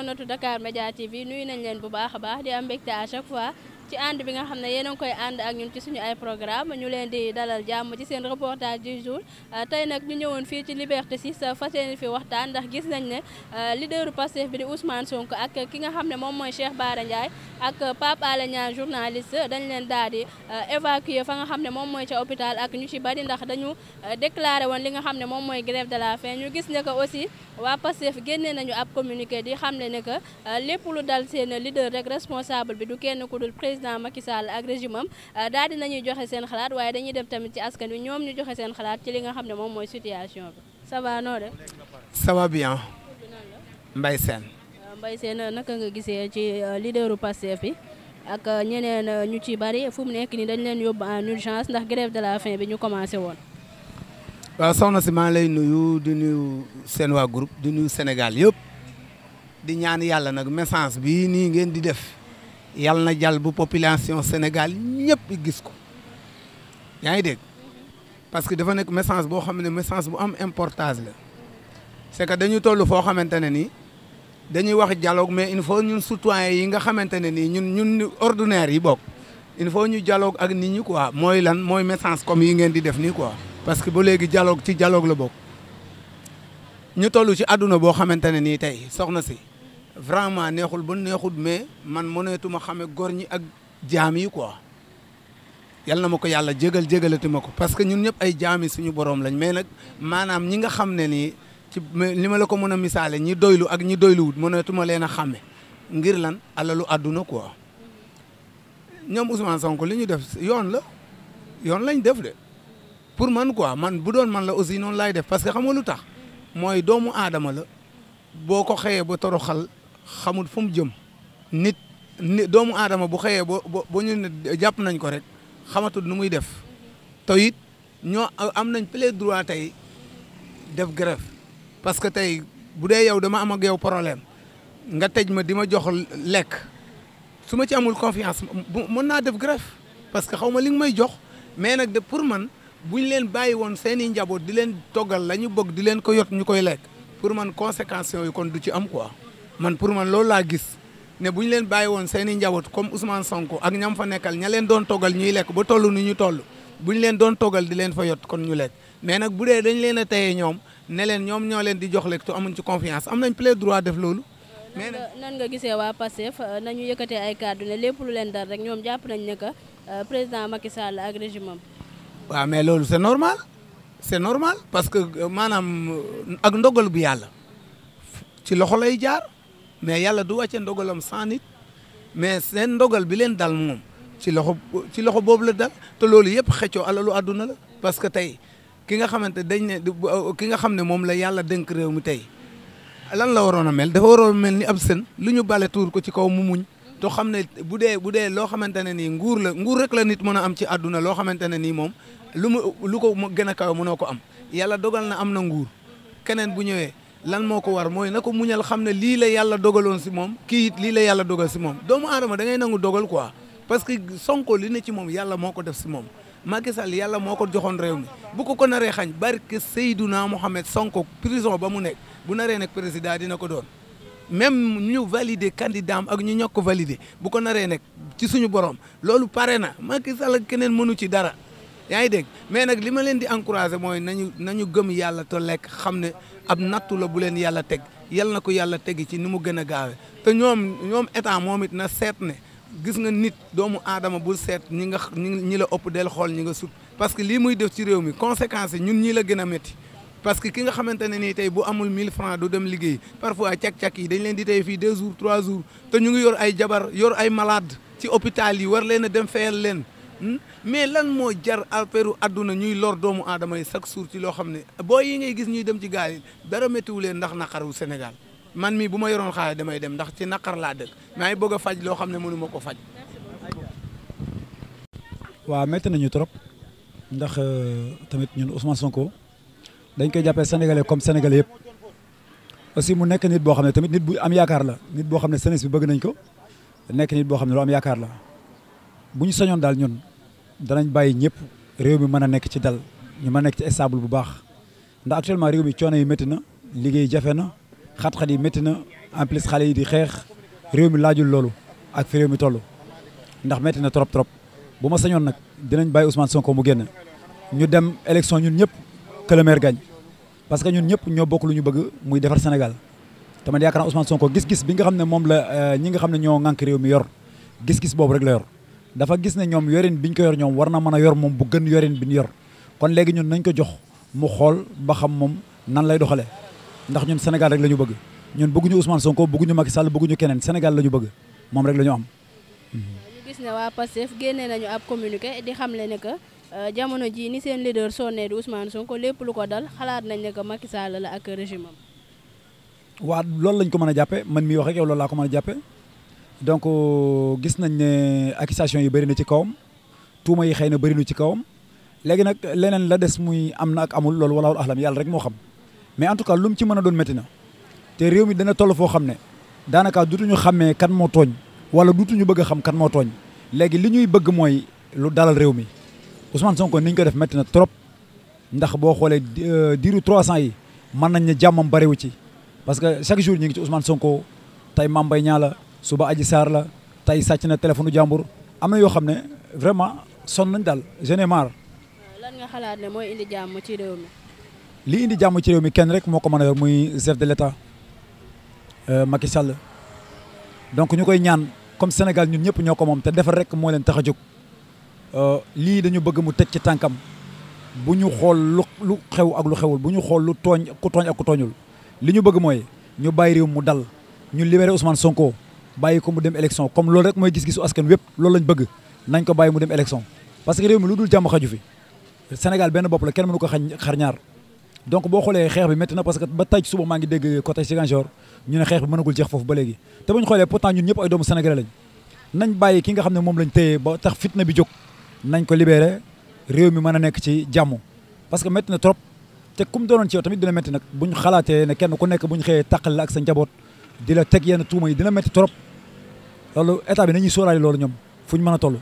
internetu dakaar Media TV nuyu nañ leen bu baax a baax di am mbégte à chaque fois ci ànd bi nga xam ne yéen a ngi koy ànd ak ñun ci suñu ay programme ñu leen di dalal jàmm ci seen reportage du jour euh, tey nag ñu ñëwoon fii ci Liberté 6 euh, fas yéene fi waxtaan ndax gis nañ ne euh, leaderu Pastef bi di Ousmane Sonko ak ki nga xam ne moom mooy Cheikh Bara Ndiaye ak Pape dañ leen daal di évacuer xam ne moom mooy ca hôpital ak ñu ci bari ndax dañu déclaré woon li nga xam ne moom mooy grève de la faim ñu gis ne que aussi waa Pastef génnee nañu ab communiqué di xam ne ne que lépp dal seen leader rek responsable bi du kenn ku dul président Macky Sall ak régime am euh, daal di nañuy joxe seen xalaat waaye dañuy dem tamit ci askan wi ñoom ñu joxe seen xalaat ci li nga xam ne moom mooy situation bi ça va noo mbay ça va bien. Euh, naka nga gisee ci euh, leaderu Pastef bi ak ñeneen ñu ci bari fu nekk nii dañ leen yóbbu en urgence ndax grève de la faim bi ñu commencé woon. waaw soxna si maa lay nuyu di nuyu seen waa groupe di nuyu Sénégal yëpp di ñaan yàlla nag message bi nii ngeen di def. yàlla na jàll bu population Sénégal ñëpp gis ko yaa ngi dégg parce que dafa nekk message boo xam ne messange bu am importance la c'est que dañu toll foo xamante ne nii dañuy wax dialogue mais il faut ñun citoyens yi nga xamante ne nii ñun ñun ordinaire yi bokk il faut ñu jaloog ak nit ñi quoi mooy lan mooy message comme yi ngeen di def nii quoi parce que ba léegi jaloog ci jaloog la bokk ñu toll ci àdduna boo xamante ne nii tey soxna si vraiment neexul ba neexul mais man mëneetuma xame gor ñi ak jaam yi quoi yal na ma ko yàlla jégal jégalati ma ko parce que ñun ñëpp ay jaami suñu borom lañ mais nag maanaam ñi nga xam ne nii ci li ma la ko mën a misaale ñi doylu ak ñi doyluwut mëneetuma leen a xàmme ngir lan alalu àdduna quoi ñoom Ousmane Sonko li ñu def yoon la yoon lañ def de pour man quoi man bu doon man la aussi noonu laay def parce que xam nga lu tax mooy doomu aadama la boo ko xëyee ba toroxal xamul fu mu jëm nit ni doomu aadama bu xëyee boo ba ñu ne jàpp nañ ko rek xamatul nu muy def te it ñoo am nañ plein droit tey def grève parce que tey bu dee yow dama am ak yow problème nga tëj ma di ma jox lekk su ma ci amul confiance mën naa def grève parce que xaw ma li nga may jox mais nag de pour man bu ñu leen bàyyi woon seen i njaboot di leen toggal la ñu bëgg di leen ko yot ñu koy lekk pour man conséquences yooyu kon du ci am quoi. man pour man loolu laa gis ne bu ñu leen bàyyi woon seen i njaboot comme Ousmane Sonko ak ñam fa nekkal ña leen doon toggal ñuy lekk ba toll nu ñu toll bu ñu leen doon toggal di leen fa yot kon ñu lekk mais nag bu dee dañ leen a tayee ñoom ne leen ñoom ñoo leen di jox lekk te amuñ ci confiance am nañ plein droit def loolu. mais nan nga gisee waa Pastef euh, nañu yëkkatee ay kàddu ne lépp lu leen dal rek ñoom jàpp nañ ne que euh, président Macky Sall ak régime am. waaw mais loolu c'est normal c'est normal parce que euh, maanaam ak ndogal bu yàlla mais yàlla du wàcce ndogalam sans nit mais seen ndogal bi leen dal moom ci loxo ci loxo boobu la dal te loolu yëpp xëccoo alalu àdduna la parce que tey ki nga xamante dañ ne ki nga xam ne moom la yàlla dénk réew mi tey lan la waroon a mel dafa waroon mel ni ab sën lu ñu bale tuur ko ci kaw mu muñ te xam ne bu dee bu dee loo xamante ne nii nguur la nguur rek la nit mën a am ci àdduna loo xamante ne nii moom lu mu lu ko gën a kaw mënoo ko am yàlla dogal na am na nguur keneen bu ñëwee lan moo ko war mooy na ko muñal xam ne lii la yàlla dogaloon si moom kiit it lii la yàlla dogal si moom doomu aadama da ngay nangu dogal ko parce que Sonko li ne ci moom yàlla moo ko def si moom Macky Sall yàlla moo ko joxoon réew mi bu ko ko naree xañ barke Seydouna Mohamed Sonko prison ba mu nekk bu naree nekk président dina ko doon même ñu valider candidat am ak ñu ñokk valider bu ko naree nekk ci suñu borom loolu pare na Macky Sall keneen mënu ci dara yaa ngi dégg mais nag li ma leen di encouragé mooy nañu nañu gëm yàlla to lekk xam ne ab nattu la bu leen yàlla teg yal na ko yàlla tegi ci ni mu gën a gaawe te ñoom ñoom état moom it na seet ne gis nga nit doomu aadama bul seet ñi nga ñi la ëpp del xool ñi nga sut parce que lii muy def ci réew mi conséquences ñun ñii la gën a métti parce que ki nga xamante ne nii tey bu amul 1000 francs du dem liggéey parfois càq-càq yi dañ leen di tey fii 2 jours 3 jours te ñu ngi yor ay jabar yor ay malade ci hôpital yi war leen a dem fayal leen Hmm? mais lan moo jar affaire adduna ñuy lor doomu aadama yi chaque jour ci loo xam ne boo yi ngay gis ñuy dem ci gaal yi dara méttiwu leen ndax naqaru Sénégal man mii bu ma yoroon xaalis damay dem ndax ci naqar laa dëkk maa ngi bëgg a faj loo xam ne mënu ma ko faj. waaw métti nañu trop ndax euh, tamit ñun Ousmane Sonko dañ koy jàppee sénégalais comme sénégalais yëpp aussi mu nekk nit boo xam ne tamit nit bu am yaakaar la nit boo xam ne sénégalais bi bëgg nañ ko nekk nit boo xam ne lu yaakaar la bu ñu sañoon daal ñun. danañ bàyyi ñëpp réew mi mën a nekk ci dal ñu mën nekk ci stable bu baax ndax actuellement réew mi coono yi métti na liggéey jafe na xat-xat yi métti na en plus xale yi di xeex réew mi laajul loolu ak fi réew mi ndax métti na trop trop bu ma sañoon nag dinañ bàyyi Ousmane Sonko mu génn ñu dem élection ñun ñëpp que le maire gagne parce que ñun ñëpp ñoo bokk lu ñu bëgg muy defar Sénégal tamit yaakaar naa Sonko gis-gis bi nga xam ne moom la euh, ñi nga xam ne ñoo ŋànk réew mi yor gis-gis boobu rek la yor dafa gis ne ñoom yorin bi ñu ko yor ñoom war na mën a yor moom bu gën yorin bi ñu yor kon léegi ñun nañ ko jox mu xool ba xam moom nan lay doxalee ndax ñun senegal rek la ñu bëgg ñun bëgguñu Ousmane Sonko bëgguñu Macky Sall bëgguñu keneen senegal la ñu bëgg moom rek la ñu am. ñu gis ne waa Pastef génnee nañu ab communiqué di xamle ne que euh, jamono ji ni seen leader sonné di Ousmane Sonko lépp lu ko dal xalaat nañ ne que Macky Sall la ak régime am. waa loolu lañ ko mën a jàppee man mii wax yow loolu laa ko mën a donc euh, gis nañ ne accusation yi bëri na ci kawam tuuma yi xëy na bëri na ci kawam léegi nag leneen la des muy am na amul loolu walaawul ahlam yàlla rek moo xam mais en tout cas lu mu ci mën doon mettina te réew mi dana toll foo xam ne daanaka dutuñu xàmmee kan moo tooñ wala dutuñu bëgg a xam kan moo tooñ léegi li ñuy bëgg mooy lu dalal réew mi Ousmane Sonko ni ñu def métti na trop ndax boo xoolee euh, diiru 300 yi mën nañ ne jàmmam bariwu ci parce que chaque jour ñu ngi ci Ousmane tey Mame Mbaye Niang la suba aj saar la tey sàcc na téléphone jàmbur am na yoo xam ne vraiment sonn nañ daal j'en lan nga xalaat ne mooy indi jàmm ci réew mi. jàmm ci réew mi kenn rek moo ko mën a yor muy chef de l'état euh, Macky Sall donc ñu koy ñaan comme Sénégal ñun ñëpp ñoo ko moom te defar rek moo leen tax a jóg euh, lii dañu bëgg mu teg ci tànkam bu ñu xool lu lu xew ak lu xewul bu ñu xool lu tooñ ku tooñ ak ku tooñul li ñu bëgg mooy ñu bàyyi mu dal ñu libéré Ousmane Sonko. bàyyi ko mu dem élection comme loolu rek mooy gis-gisu askan wépp loolu lañ bëgg nañ ko bàyyi mu dem élection parce que réew mi lu dul jàmm xaju fi Sénégal benn bopp la kenn mënu ko xañ xar ñaar donc boo xoolee xeex bi métti na parce que ba tey suba maa ngi dégg côté Ziguinchor ñu ne xeex bi mënagul jeex foofu ba léegi te buñ xoolee pourtant ñun ñëpp ay doomu sénégalais lañ nañ bàyyi ki nga xam ne moom lañ téye ba tax fitna bi jóg nañ ko libéré réew mi mën a nekk ci jàmm parce que métti na trop te kum doonoon ci yow tamit dina métti nag ne kenn ku nekk buñ xëyee tàqal ak sa njaboot di la teg yenn tuuma yi dina métti trop loolu état bi nañuy sóoraale loolu ñoom fu ñu man a toll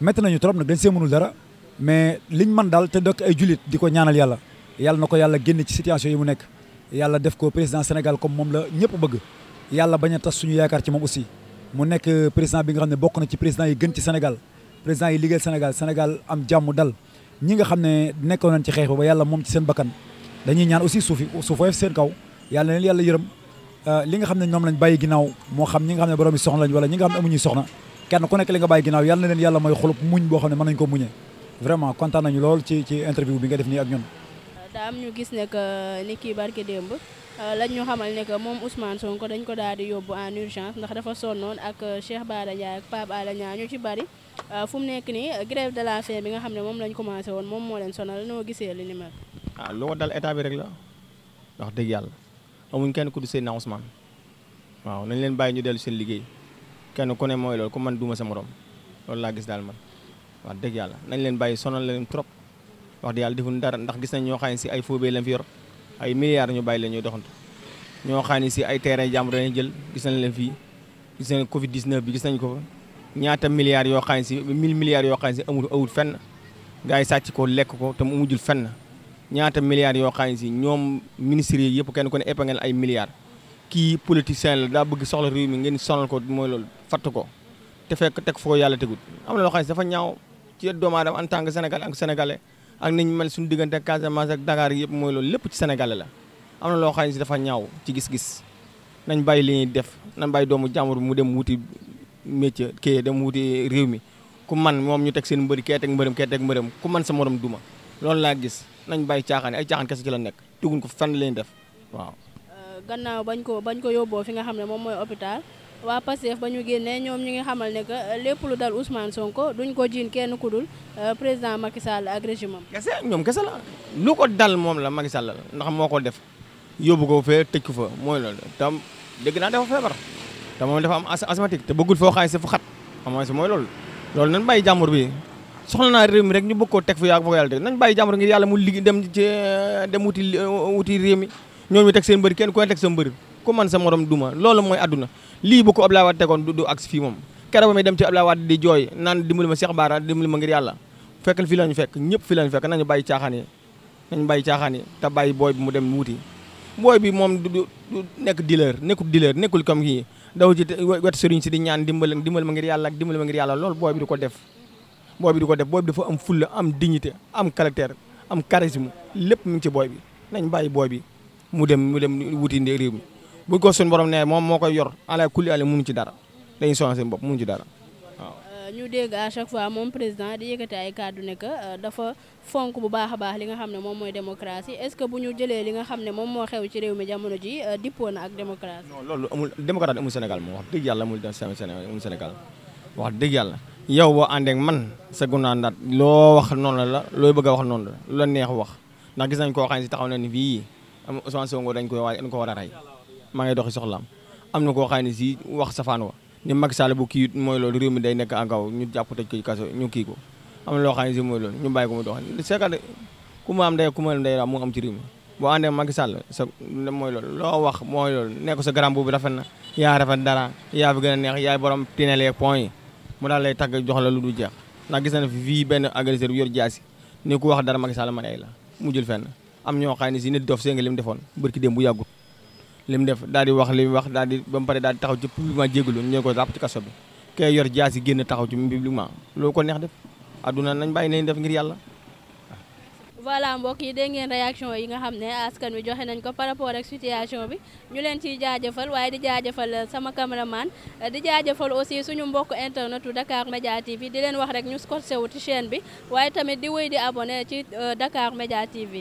métti nañu trop nag dañ see mënul dara mais liñ mën daal te dëkk ay julit di ko ñaanal yàlla yàlla na ko yàlla génn ci situation yi mu nekk yàlla def ko président Sénégal comme moom la ñëpp bëgg yàlla bañ a tas suñu yaakaar ci moom aussi mu nekk président bi nga xam ne bokk na ci président yi gën ci Sénégal président yi liggéeyal Sénégal Sénégal am jàmm dal ñi nga xam ne nekkoon nañ ci xeex ba yàlla moom ci seen bakkan dañuy ñaan aussi seen kaw yàlla na leen Euh, li nga xam ne ñoom lañ bàyyi ginnaaw moo xam ñi nga xam ne borom yi soxna lañ wala ñi nga xam ne amuñuy soxna kenn ku nekk na leen yàlla mooy xolub muñ boo xam ne nañu lool ci ci interview bi nga def ak ñun daam ñu gis ne que euh, ni kii barke démb euh, lañ ñu xamal ne que moom Ousmane Sonko dañ ko daal di yóbbu en ndax dafa sonnoon ak Cheikh Bara Ndiaye ak Pape ñu ci bari fu mu nekk nii grève de la faim nga xam ne moom lañ commencé woon moom moo leen sonal noo gisee li ni mel. ah lu ko dal état bi rek la wax dëgg yàlla amuñ kenn ku du Seydina Ousmane waaw nañ leen bàyyi ñu dellu seen liggéey kenn ku ne mooy loolu ko man duma sa morom loolu laa gis daal man wax dëgg yàlla nañ leen bàyyi sonal leen trop wax dëgg yàlla defuñ dara ndax gis nañ ñoo xam ne si ay foobee lañ fi yor ay milliards ñu bàyyi leen ñuy doxantu ñoo xam ne si ay terrain jàmbur lañ jël gis nañ leen fii gis nañ Covid 19 bi gis nañ ko ñaata milliards yoo xam ne si mille milliards yoo xam ne si amul awul fenn gars yi sàcc ko lekk ko te mu mujjul fenn ñaata milliards yoo xam ne ñoom ministres yi yëpp kenn ku ne épingle ay milliards kii politicien la daa bëgg soxla réew mi ngeen sonal ko mooy loolu fatt ko te fekk teg foo yàlla tegut am na dafa ñaaw ci doomu en tant que sénégalais ak sénégalais ak nañ mel suñu diggante ak ak Dakar yëpp mooy loolu lépp ci sénégalais dafa ñaaw ci gis-gis nañ bàyyi li def nañ bàyyi doomu jàmbur mu dem wuti métier kii dem wuti réew mi ku man moom ñu teg seen mbëri kee teg mbërëm kee teg mbërëm man sa morom duma loolu laa gis nañ bay caaxaan ay caaxaan kese ci la nekk teguñ ko fenn leen def waaw. Euh, gannaaw bañ ko bañ ko yóbboo fi nga xam ne moom mooy hôpital waa Pastef ba ñu génnee ñoom ñu ngi xamal ne que euh, lépp lu dal Ousmane Sonko duñ ko jiin kenn ku dul euh, président Macky Sall ak régime am. kese ñoom kese la lu ko dal moom la Macky Sall la ndax moo ko def yóbbu ko fee tëj ko fa mooy loolu tam dégg naa dafa feebar te moom dafa am asthmatique te bëggul foo xaay si fu xat xam mooy loolu loolu nañ bàyyi jàmbur bi. soxla naa réew mi rek ñu bëgg koo teg fu yaa ko yàlla teg nañ bàyyi jàmbur ngir yàlla mu liggéey dem wuti uh, wuti réew mi ñooñu teg seen mbëri kenn ku ne teg man sa morom mooy àdduna lii ko Abdoulaye Wade tegoon du agsi fii moom keroog mi dem ci Abdoulaye Wade di jooy naan dimbali ma Cheikh Bara dimbali fekk ñëpp fi lañu fekk nañu bàyyi caaxaan yi nañu bàyyi caaxaan yi te bàyyi booy bi mu dem wuti booy bi moom du nekk dealer nekkul dealer nekkul comme kii daw ci wetu sëriñ ñaan dimbali dimbali ma ngir yàlla ak ngir yàlla loolu booy bi du ko def booy bi di ko def booy dafa am fulla am dignité am caractère am charisme lépp mu ngi ci booy bi nañ bàyyi booy bi mu dem mu dem wuti ndee réew mi bu ko suñu borom ne moom moo koy yor ala kulli ale mënu ci dara dañuy soxla seen bopp mënu ci dara waaw. Euh, ñu dégg à chaque fois moom président di yëkkati ay kàddu ne que euh, dafa fonk bu baax a baax li nga xam ne moom mooy démocratie est-ce que bu ñu jëlee li nga xam ne moom moo xew ci réew mi jamono ji euh, dippoo na ak démocratie. non loolu amul démocratie amul Sénégal moom wax dëgg yàlla amul Sénégal amul wax dëgg yàlla. yow boo àndeek man sa gunnaa ndaat loo wax noonu la looy bëgg wax noonu la lu la neex wax ndax gis nañ koo xam si taxaw na ni fii am Ousmane Sonko dañ koy waaj dañ ko war a rey maa ngi doxi soxlaam am na koo xam ne si wax safaan wa ni Macky Sall bu kii mooy loolu réew mi day nekk en kaw ñu jàpp tëj kaso ñu kii ko am na loo xam si mooy loolu ñu bàyyi ko mu doxal seekat ku ma am day ku am day mu am ci réew mi boo àndee Macky sa mooy loolu loo wax mooy loolu nekk sa garam boobu rafet na yaa rafet dara yaa fi gën a neex yaay borom tinelee point yi mu daal lay tàgg jox la lu du jeex ndax gis na fi fii benn agresseur bi yor jaasi ni ku wax dara Macky Sall man ay la mujjul fenn am ñoo xam ne si nit dof see nga li mu defoon bërki démb bu yàggul li mu def daal di wax li mu wax daa di ba mu pare daal di taxaw ci publiquement jégalu ñoo ko ràpp ci kaso bi kay yor jaasi génn taxaw ci publiquement loolu ko neex def adduna nañ bàyyi nañ def ngir yàlla voilà mbokk yi dégg ngeen réaction yi nga xam ne askan wi joxe nañ ko par rapport ak situation bi ñu leen ciy jaajëfal waaye di jaajëfal sama cameraman di jaajëfal aussi suñu mbokk internetu u Dakar Media TV di leen wax rek ñu scotché wu ci chaîne bi waaye tamit di wéy di abonné ci euh, Dakar Media TV.